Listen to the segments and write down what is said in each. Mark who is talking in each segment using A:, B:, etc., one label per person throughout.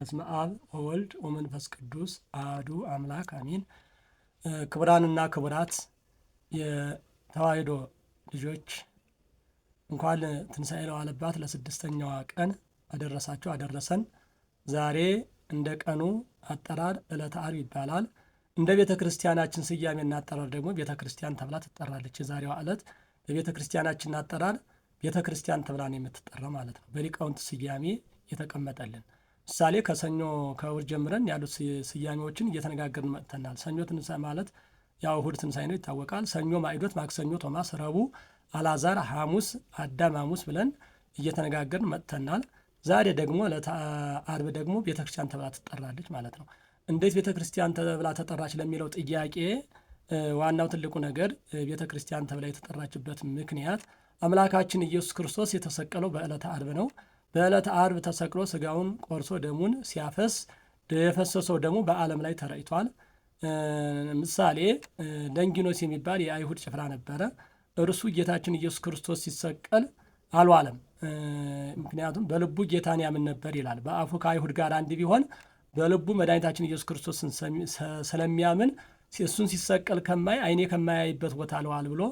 A: በስመ አብ ወወልድ ወመንፈስ ቅዱስ አሐዱ አምላክ አሜን። ክቡራንና ክቡራት የተዋሕዶ ልጆች እንኳን ትንሣኤ ለዋለባት ለስድስተኛዋ ቀን አደረሳችሁ አደረሰን። ዛሬ እንደ ቀኑ አጠራር ዕለተ ዓርብ ይባላል። እንደ ቤተ ክርስቲያናችን ስያሜና አጠራር ደግሞ ቤተ ክርስቲያን ተብላ ትጠራለች። የዛሬዋ ዕለት በቤተ ክርስቲያናችን አጠራር ቤተ ክርስቲያን ተብላ ነው የምትጠራ ማለት ነው። በሊቃውንት ስያሜ የተቀመጠልን ምሳሌ ከሰኞ ከእሑድ ጀምረን ያሉት ስያሜዎችን እየተነጋገርን መጥተናል። ሰኞ ትንሳኤ ማለት ያው እሑድ ትንሳኤ ነው ይታወቃል። ሰኞ ማዕዶት፣ ማክሰኞ ቶማስ፣ ረቡዕ አላዛር ሐሙስ አዳም፣ ሐሙስ ብለን እየተነጋገርን መጥተናል። ዛሬ ደግሞ ለአርብ ደግሞ ቤተ ክርስቲያን ተብላ ትጠራለች ማለት ነው። እንዴት ቤተ ክርስቲያን ተብላ ተጠራች ለሚለው ጥያቄ ዋናው ትልቁ ነገር ቤተ ክርስቲያን ተብላ የተጠራችበት ምክንያት አምላካችን ኢየሱስ ክርስቶስ የተሰቀለው በዕለተ አርብ ነው። በዕለት አርብ ተሰቅሎ ስጋውን ቆርሶ ደሙን ሲያፈስ የፈሰሰው ደግሞ በዓለም ላይ ተረጭቷል። ምሳሌ ለንጊኖስ የሚባል የአይሁድ ጭፍራ ነበረ። እርሱ ጌታችን ኢየሱስ ክርስቶስ ሲሰቀል አልዋለም። ምክንያቱም በልቡ ጌታን ያምን ነበር ይላል። በአፉ ከአይሁድ ጋር አንድ ቢሆን በልቡ መድኃኒታችን ኢየሱስ ክርስቶስን ስለሚያምን እሱን ሲሰቀል ከማይ አይኔ ከማያይበት ቦታ አልዋል ብሎ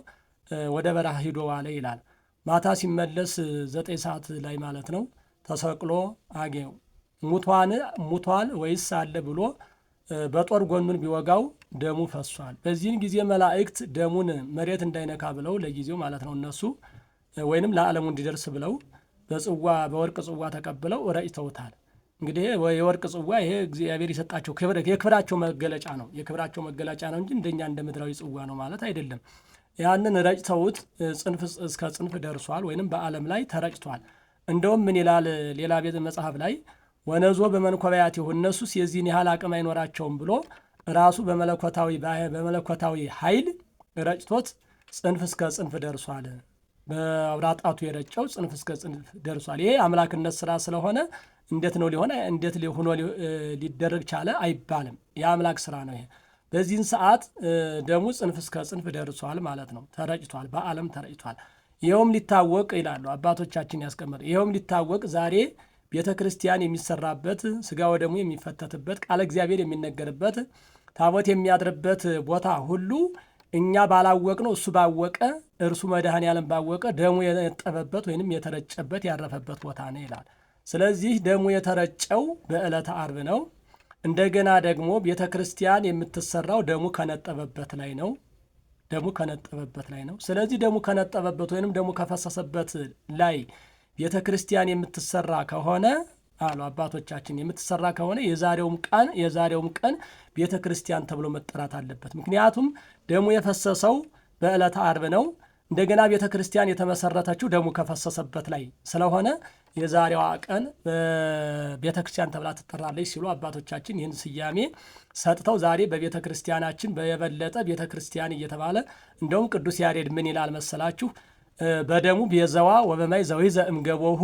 A: ወደ በረሃ ሂዶ ዋለ ይላል። ማታ ሲመለስ ዘጠኝ ሰዓት ላይ ማለት ነው ተሰቅሎ አገኘው። ሙቷን ሙቷል ወይስ አለ ብሎ በጦር ጎኑን ቢወጋው ደሙ ፈሷል። በዚህን ጊዜ መላእክት ደሙን መሬት እንዳይነካ ብለው ለጊዜው ማለት ነው እነሱ ወይንም ለዓለሙ እንዲደርስ ብለው በጽዋ በወርቅ ጽዋ ተቀብለው ረጭተውታል። እንግዲህ የወርቅ ጽዋ ይሄ እግዚአብሔር የሰጣቸው የክብራቸው መገለጫ ነው። የክብራቸው መገለጫ ነው እንጂ እንደኛ እንደ ምድራዊ ጽዋ ነው ማለት አይደለም። ያንን ረጭተውት ጽንፍ እስከ ጽንፍ ደርሷል ወይንም በዓለም ላይ ተረጭቷል። እንደውም ምን ይላል ሌላ ቤተ መጽሐፍ ላይ ወነዞ ይሁን እነሱስ የዚህን ያህል አቅም አይኖራቸውም ብሎ ራሱ በመለኮታዊ በመለኮታዊ ኃይል ረጭቶት ጽንፍ እስከ ጽንፍ ደርሷል። በአውራጣቱ የረጨው ጽንፍ እስከ ጽንፍ ደርሷል። ይሄ አምላክነት ስራ ስለሆነ እንዴት ነው ሊሆን እንዴት ሆኖ ሊደረግ ቻለ አይባልም። የአምላክ ስራ ነው ይሄ። በዚህን ሰዓት ደሙ ጽንፍ እስከ ጽንፍ ደርሷል ማለት ነው። ተረጭቷል፣ በዓለም ተረጭቷል። ይኸውም ሊታወቅ ይላሉ አባቶቻችን ያስቀመጡ። ይኸውም ሊታወቅ ዛሬ ቤተ ክርስቲያን የሚሰራበት ስጋ ወደሙ የሚፈተትበት ቃለ እግዚአብሔር የሚነገርበት ታቦት የሚያድርበት ቦታ ሁሉ እኛ ባላወቅ ነው እሱ ባወቀ እርሱ መድኃኔ ባወቀ ደሙ የጠበበት ወይንም የተረጨበት ያረፈበት ቦታ ነው ይላል። ስለዚህ ደሙ የተረጨው በዕለተ ዓርብ ነው። እንደገና ደግሞ ቤተ ክርስቲያን የምትሰራው ደሙ ከነጠበበት ላይ ነው። ደሙ ከነጠበበት ላይ ነው። ስለዚህ ደሙ ከነጠበበት ወይንም ደሙ ከፈሰሰበት ላይ ቤተ ክርስቲያን የምትሰራ ከሆነ አሉ አባቶቻችን የምትሰራ ከሆነ የዛሬውም ቀን የዛሬውም ቀን ቤተ ክርስቲያን ተብሎ መጠራት አለበት። ምክንያቱም ደሙ የፈሰሰው በዕለተ አርብ ነው። እንደገና ቤተ ክርስቲያን የተመሰረተችው ደሙ ከፈሰሰበት ላይ ስለሆነ የዛሬዋ ቀን ቤተ ክርስቲያን ተብላ ትጠራለች ሲሉ አባቶቻችን ይህን ስያሜ ሰጥተው ዛሬ በቤተ ክርስቲያናችን በየበለጠ ቤተ ክርስቲያን እየተባለ እንደውም ቅዱስ ያሬድ ምን ይላል መሰላችሁ? በደሙ ቤዘዋ ወበማይ ዘዊዘ እምገቦሁ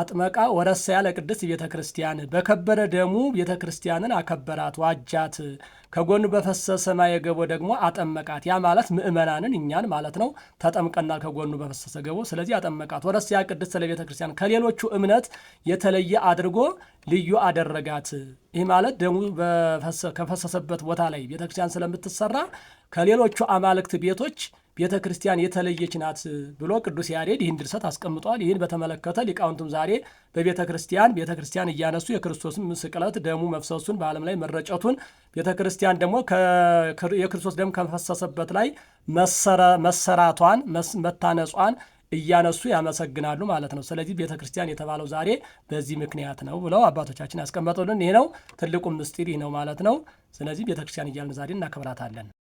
A: አጥመቃ ወረሰ ያለ ቅድስት ቤተ ክርስቲያን በከበረ ደሙ ቤተ ክርስቲያንን አከበራት ዋጃት። ከጎኑ በፈሰሰ ማየ ገቦ ደግሞ አጠመቃት። ያ ማለት ምእመናንን እኛን ማለት ነው። ተጠምቀናል ከጎኑ በፈሰሰ ገቦ። ስለዚህ አጠመቃት። ወረሰ ያ ቅድስት ስለ ቤተ ክርስቲያን ከሌሎቹ እምነት የተለየ አድርጎ ልዩ አደረጋት። ይህ ማለት ደሙ ከፈሰሰበት ቦታ ላይ ቤተ ክርስቲያን ስለምትሰራ ከሌሎቹ አማልክት ቤቶች ቤተ ክርስቲያን የተለየች ናት ብሎ ቅዱስ ያሬድ ይህን ድርሰት አስቀምጧል። ይህን በተመለከተ ሊቃውንቱም ዛሬ በቤተ ክርስቲያን ቤተ ክርስቲያን እያነሱ የክርስቶስን ስቅለት ደሙ መፍሰሱን በዓለም ላይ መረጨቱን ቤተ ክርስቲያን ደግሞ የክርስቶስ ደም ከፈሰሰበት ላይ መሰራቷን መታነጿን እያነሱ ያመሰግናሉ ማለት ነው። ስለዚህ ቤተ ክርስቲያን የተባለው ዛሬ በዚህ ምክንያት ነው ብለው አባቶቻችን ያስቀመጡልን ይህ ነው። ትልቁ ምስጢር ይህ ነው ማለት ነው። ስለዚህ ቤተ ክርስቲያን እያልን ዛሬ እናከብራታለን።